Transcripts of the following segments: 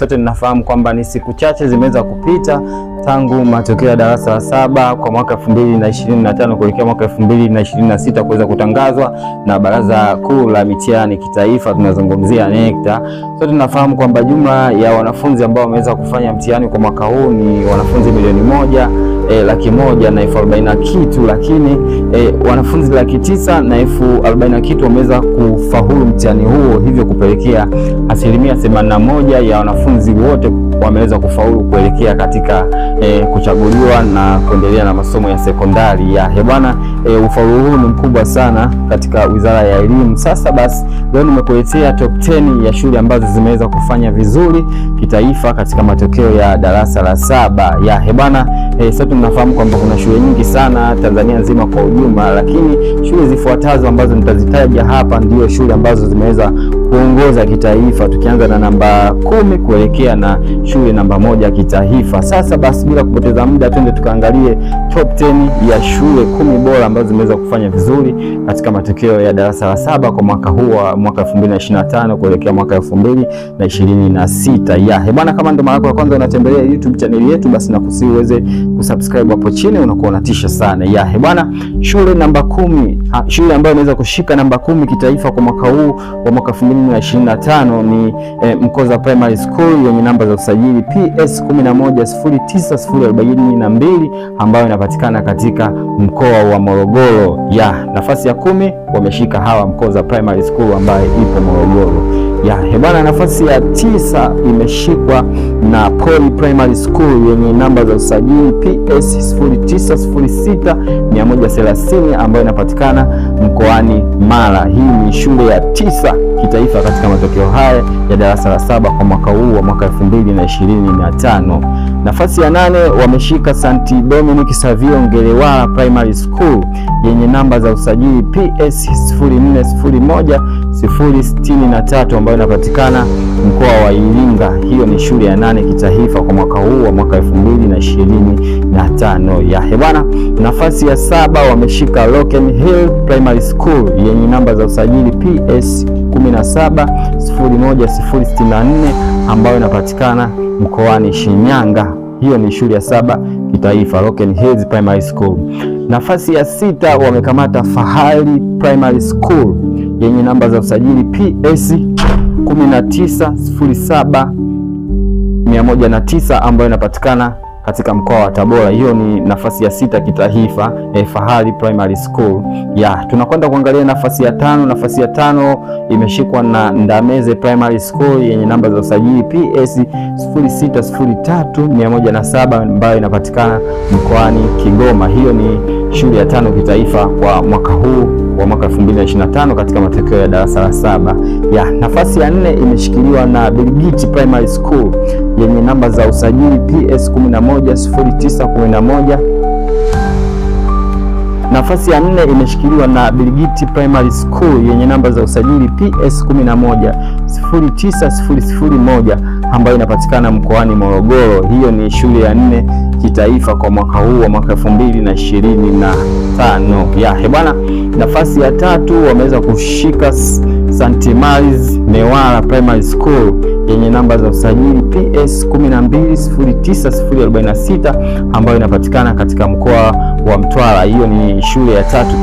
Sote ninafahamu kwamba ni siku chache zimeweza kupita tangu matokeo ya darasa la saba kwa mwaka 2025 kuelekea mwaka 2026 kuweza kutangazwa na Baraza Kuu la Mitihani Kitaifa, tunazungumzia NECTA. Sote tunafahamu kwamba jumla ya wanafunzi ambao wameweza kufanya mtihani kwa mwaka huu ni wanafunzi milioni moja e, laki moja na elfu arobaini na kitu, lakini e, wanafunzi laki tisa na elfu arobaini na kitu wameweza kufaulu mtihani huo, hivyo kupelekea asilimia themanini na moja ya wanafunzi wote wameweza kufaulu kuelekea katika e, kuchaguliwa na kuendelea na masomo ya sekondari ya hebwana e, ufaulu huu ni mkubwa sana katika Wizara ya Elimu. Sasa basi, leo nimekuletea top 10 ya shule ambazo zimeweza kufanya vizuri kitaifa katika matokeo ya darasa la saba ya hebana. E, sasa tunafahamu kwamba kuna shule nyingi sana Tanzania nzima kwa ujumla, lakini shule zifuatazo ambazo nitazitaja hapa ndio shule ambazo zimeweza kuongoza kitaifa, tukianza na namba kumi kuelekea na shule namba moja kitaifa. Sasa basi bila kupoteza muda, twende tukaangalie top 10 ya shule kumi bora ambazo zimeweza kufanya vizuri katika matokeo ya darasa la saba kwa mwaka huu wa mwaka 2025 kuelekea mwaka 2026. Ya bwana, kama ndo mara yako ya kwanza unatembelea YouTube channel yetu, basi nakusihi uweze kusubscribe hapo chini, unakuwa unatisha sana. Ya bwana, shule namba kumi, shule ambayo imeweza kushika namba kumi kitaifa kwa mwaka huu wa mwaka 2025 elimu ya 25 ni e, Mkoza Primary School yenye namba za usajili PS 1109042 ambayo inapatikana katika mkoa wa Morogoro. Ya nafasi ya kumi wameshika hawa Mkoza Primary School ambayo ipo Morogoro. Ya hebana, nafasi ya tisa imeshikwa na Poly Primary School yenye namba za usajili PS 0906 130 ambayo inapatikana mkoani Mara. Hii ni shule ya tisa kitaifa katika matokeo haya ya darasa la saba kwa mwaka huu wa mwaka 2025. Nafasi ya nane wameshika St. Dominic Savio Ngelewala Primary School yenye namba za usajili PS 0401 063 ambayo inapatikana mkoa wa Iringa. Hiyo ni shule ya nane kitaifa kwa mwaka huu wa mwaka 2025 ya hebana. Nafasi ya saba wameshika Loken Hill Primary School yenye namba za usajili PS 1701064 ambayo inapatikana mkoani Shinyanga. Hiyo ni shule ya saba kitaifa Loken Hills Primary School. Nafasi ya sita wamekamata Fahari Primary School yenye namba za usajili PS 1907109 ambayo inapatikana katika mkoa wa Tabora. Hiyo ni nafasi ya sita kitaifa, eh, Fahali Primary School. Ya, tunakwenda kuangalia nafasi ya tano. Nafasi ya tano imeshikwa na Ndameze Primary School yenye namba za usajili PS 0603107 ambayo inapatikana mkoani Kigoma. Hiyo ni shule ya tano kitaifa kwa mwaka huu wa mwaka 2025 katika matokeo ya darasa la saba. Ya nafasi ya nne imeshikiliwa na Bilgiti Primary School yenye namba za usajili PS 110911. Nafasi ya nne imeshikiliwa na Bilgiti Primary School yenye namba za usajili PS 11 ambayo inapatikana mkoani Morogoro. Hiyo ni shule ya nne kitaifa kwa mwaka huu wa mwaka 2025. Ya he bwana, nafasi ya tatu wameweza kushika St. Mary's Newala Primary School yenye namba za usajili PS 1209046 ambayo inapatikana katika mkoa wa Mtwara. Hiyo ni shule ya tatu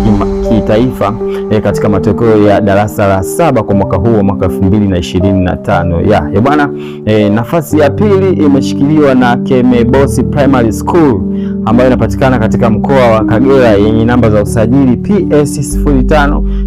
kitaifa e, katika matokeo ya darasa la saba kwa mwaka huu wa mwaka 2025. Ya e bwana e, nafasi ya pili imeshikiliwa na Kemebosi Primary School ambayo inapatikana katika mkoa wa Kagera yenye namba za usajili PS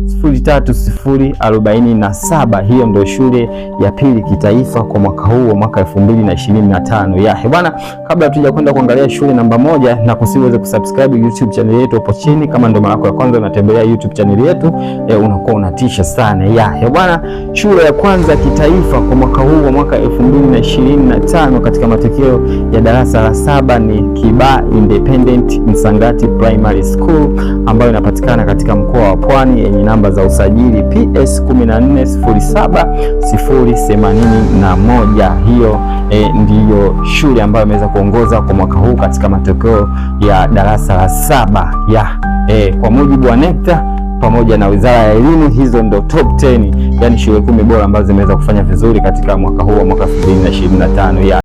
03047. Hiyo ndio shule ya pili kitaifa kwa mwaka huu wa mwaka 2025. Ya bwana, kabla tuja kwenda kuangalia shule namba moja, na kusiweze kusubscribe YouTube channel yetu hapo chini. Kama ndo mara yako ya kwanza unatembelea YouTube channel yetu e, unakuwa unatisha sana. Ya bwana, shule ya kwanza kitaifa kwa mwaka huu wa mwaka 2025 katika matokeo ya darasa la saba ni Kibaha Independent Msangati Primary School ambayo inapatikana katika mkoa wa Pwani yenye namba za usajili PS 1407081. Hiyo e, ndiyo shule ambayo imeweza kuongoza kwa mwaka huu katika matokeo ya darasa la saba ya e, kwa mujibu wa NECTA pamoja na Wizara ya Elimu. Hizo ndo top 10 yani shule kumi bora ambazo zimeweza kufanya vizuri katika mwaka huu wa mwaka 2025 ya